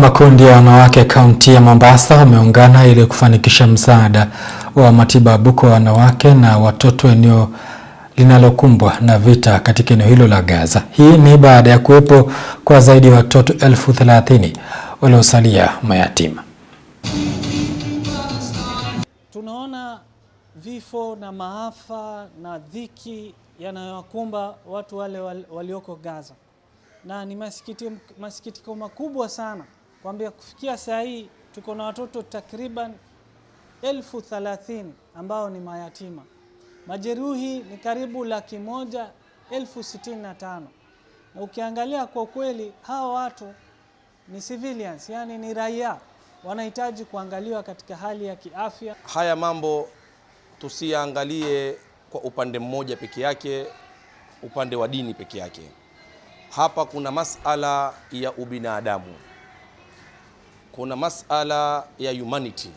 Makundi ya wanawake kaunti ya Mombasa wameungana ili kufanikisha msaada wa matibabu kwa wanawake na watoto eneo linalokumbwa na vita katika eneo hilo la Gaza. Hii ni baada ya kuwepo kwa zaidi ya watoto elfu thelathini waliosalia mayatima. Tunaona vifo na maafa na dhiki yanayowakumba watu wale walioko Gaza na ni masikitiko masikitiko makubwa sana kwambia kufikia saa hii tuko na watoto takriban elfu thalathini ambao ni mayatima, majeruhi ni karibu laki moja elfu sitini na tano na ukiangalia kwa kweli hawa watu ni civilians, yani ni raia wanahitaji kuangaliwa katika hali ya kiafya. Haya mambo tusiyaangalie kwa upande mmoja peke yake, upande wa dini peke yake. Hapa kuna masala ya ubinadamu kuna masala ya humanity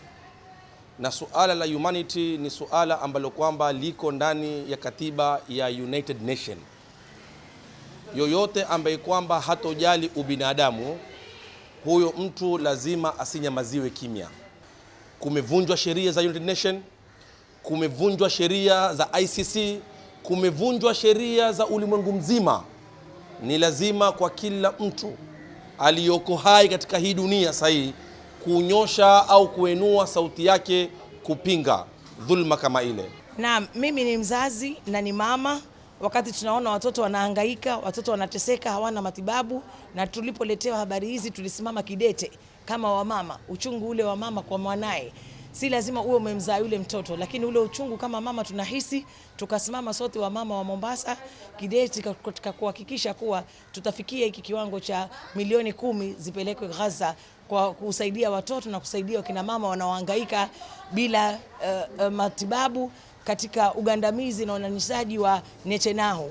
na suala la humanity ni suala ambalo kwamba liko ndani ya katiba ya United Nation. Yoyote ambaye kwamba hatojali ubinadamu, huyo mtu lazima asinyamaziwe kimya. Kumevunjwa sheria za United Nation, kumevunjwa sheria za ICC, kumevunjwa sheria za ulimwengu mzima. Ni lazima kwa kila mtu aliyoko hai katika hii dunia sasa kunyosha au kuenua sauti yake kupinga dhulma kama ile. Naam, mimi ni mzazi na ni mama. Wakati tunaona watoto wanahangaika, watoto wanateseka, hawana matibabu, na tulipoletewa habari hizi tulisimama kidete kama wamama, uchungu ule wa mama kwa mwanaye si lazima uwe umemzaa yule mtoto, lakini ule uchungu kama mama tunahisi, tukasimama sote wa mama wa Mombasa kidete katika kuhakikisha kuwa tutafikia hiki kiwango cha milioni kumi zipelekwe Gaza kwa kusaidia watoto na kusaidia wakina mama wanaohangaika bila uh, uh, matibabu katika ugandamizi na unanishaji wa nechenao.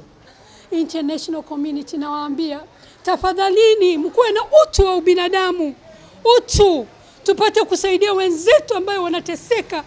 International community nawaambia, tafadhalini mkuwe na utu wa ubinadamu, utu tupate kusaidia wenzetu ambayo wanateseka